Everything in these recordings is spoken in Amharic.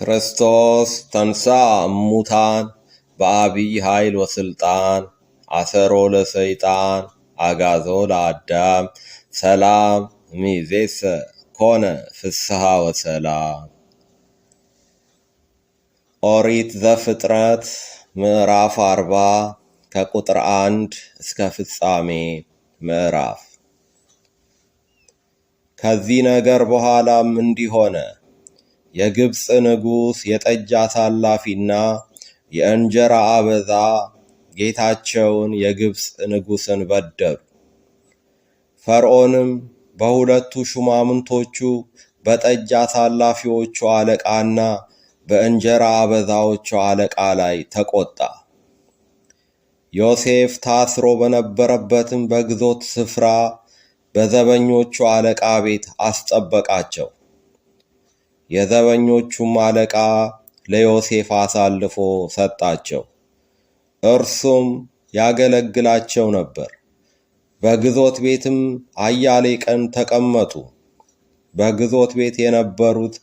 ክርስቶስ ተንሳ እሙታን በአብይ ኃይል ወስልጣን አሰሮ ለሰይጣን አጋዞ ለአዳም ሰላም ሚዜሰ ኮነ ፍስሐ ወሰላም። ኦሪት ዘፍጥረት ምዕራፍ አርባ ከቁጥር አንድ እስከ ፍጻሜ ምዕራፍ። ከዚህ ነገር በኋላም እንዲህ ሆነ የግብፅ ንጉሥ የጠጅ አሳላፊና የእንጀራ አበዛ ጌታቸውን የግብፅ ንጉሥን በደሉ። ፈርዖንም በሁለቱ ሹማምንቶቹ በጠጅ አሳላፊዎቹ አለቃና በእንጀራ አበዛዎቹ አለቃ ላይ ተቆጣ። ዮሴፍ ታስሮ በነበረበትም በግዞት ስፍራ በዘበኞቹ አለቃ ቤት አስጠበቃቸው። የዘበኞቹም አለቃ ለዮሴፍ አሳልፎ ሰጣቸው። እርሱም ያገለግላቸው ነበር። በግዞት ቤትም አያሌ ቀን ተቀመጡ። በግዞት ቤት የነበሩት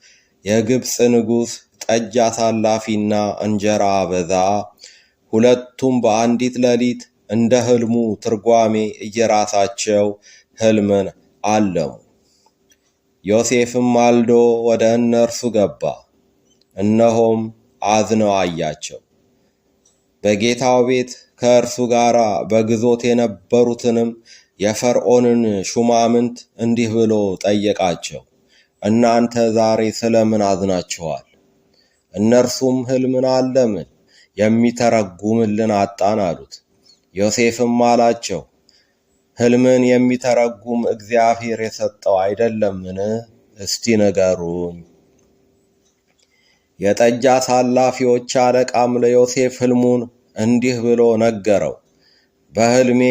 የግብፅ ንጉሥ ጠጅ አሳላፊና እንጀራ አበዛ ሁለቱም በአንዲት ሌሊት እንደ ሕልሙ ትርጓሜ እየራሳቸው ሕልምን አለሙ። ዮሴፍም ማልዶ ወደ እነርሱ ገባ፣ እነሆም አዝነው አያቸው። በጌታው ቤት ከእርሱ ጋር በግዞት የነበሩትንም የፈርዖንን ሹማምንት እንዲህ ብሎ ጠየቃቸው፣ እናንተ ዛሬ ስለምን አዝናችኋል? እነርሱም ሕልምን አለምን የሚተረጉምልን አጣን አሉት። ዮሴፍም አላቸው ህልምን የሚተረጉም እግዚአብሔር የሰጠው አይደለምን? እስቲ ንገሩኝ። የጠጅ አሳላፊዎች አለቃም ለዮሴፍ ህልሙን እንዲህ ብሎ ነገረው። በህልሜ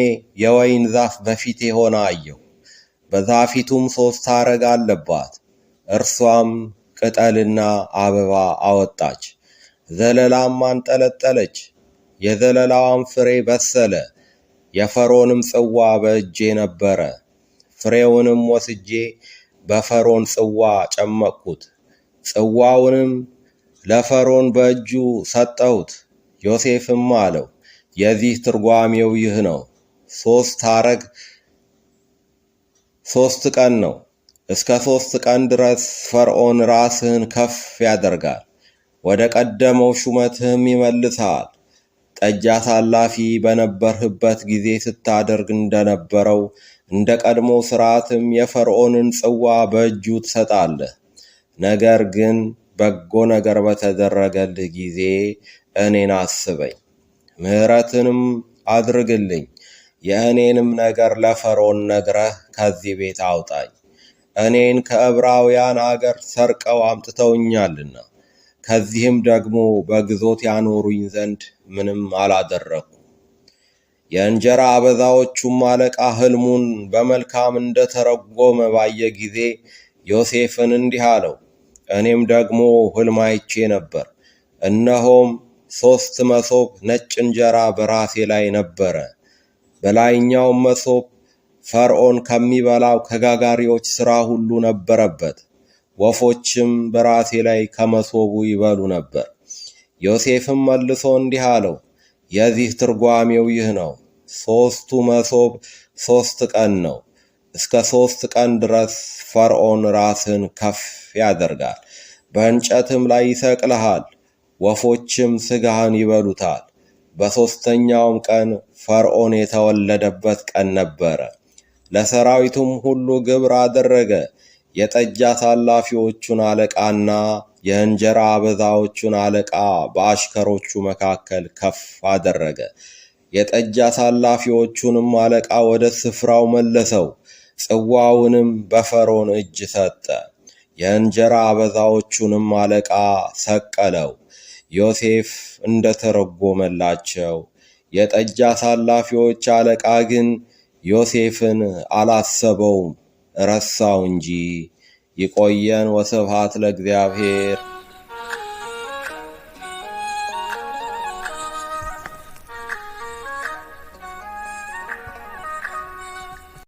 የወይን ዛፍ በፊቴ ሆና አየሁ። በዛፊቱም ሦስት አረግ አለባት። እርሷም ቅጠልና አበባ አወጣች፣ ዘለላም አንጠለጠለች። የዘለላዋም ፍሬ በሰለ፣ የፈርዖንም ጽዋ በእጄ ነበረ። ፍሬውንም ወስጄ በፈርዖን ጽዋ ጨመቅኩት፣ ጽዋውንም ለፈርዖን በእጁ ሰጠሁት። ዮሴፍም አለው፣ የዚህ ትርጓሜው ይህ ነው፣ ሶስት ታረግ ሶስት ቀን ነው። እስከ ሶስት ቀን ድረስ ፈርዖን ራስህን ከፍ ያደርጋል፣ ወደ ቀደመው ሹመትህም ይመልሰሃል። ጠጅ አሳላፊ በነበርህበት ጊዜ ስታደርግ እንደነበረው እንደ ቀድሞ ሥርዓትም የፈርዖንን ጽዋ በእጁ ትሰጣለህ። ነገር ግን በጎ ነገር በተደረገልህ ጊዜ እኔን አስበኝ፣ ምሕረትንም አድርግልኝ። የእኔንም ነገር ለፈርዖን ነግረህ ከዚህ ቤት አውጣኝ፣ እኔን ከዕብራውያን አገር ሰርቀው አምጥተውኛልና ከዚህም ደግሞ በግዞት ያኖሩኝ ዘንድ ምንም አላደረጉ። የእንጀራ አበዛዎቹም አለቃ ሕልሙን በመልካም እንደተረጎመ ባየ ጊዜ ዮሴፍን እንዲህ አለው፣ እኔም ደግሞ ሕልም አይቼ ነበር። እነሆም ሦስት መሶብ ነጭ እንጀራ በራሴ ላይ ነበረ። በላይኛውም መሶብ ፈርዖን ከሚበላው ከጋጋሪዎች ሥራ ሁሉ ነበረበት። ወፎችም በራሴ ላይ ከመሶቡ ይበሉ ነበር። ዮሴፍም መልሶ እንዲህ አለው፣ የዚህ ትርጓሜው ይህ ነው፣ ሦስቱ መሶብ ሦስት ቀን ነው። እስከ ሦስት ቀን ድረስ ፈርዖን ራስን ከፍ ያደርጋል፣ በእንጨትም ላይ ይሰቅልሃል፣ ወፎችም ሥጋህን ይበሉታል። በሦስተኛውም ቀን ፈርዖን የተወለደበት ቀን ነበረ። ለሰራዊቱም ሁሉ ግብር አደረገ። የጠጅ አሳላፊዎቹን አለቃና የእንጀራ አበዛዎቹን አለቃ በአሽከሮቹ መካከል ከፍ አደረገ። የጠጅ አሳላፊዎቹንም አለቃ ወደ ስፍራው መለሰው፣ ጽዋውንም በፈሮን እጅ ሰጠ። የእንጀራ አበዛዎቹንም አለቃ ሰቀለው። ዮሴፍ እንደ ተረጎመላቸው። የጠጅ አሳላፊዎች አለቃ ግን ዮሴፍን አላሰበውም። ረሳው እንጂ። ይቆየን። ወስብሐት ለእግዚአብሔር።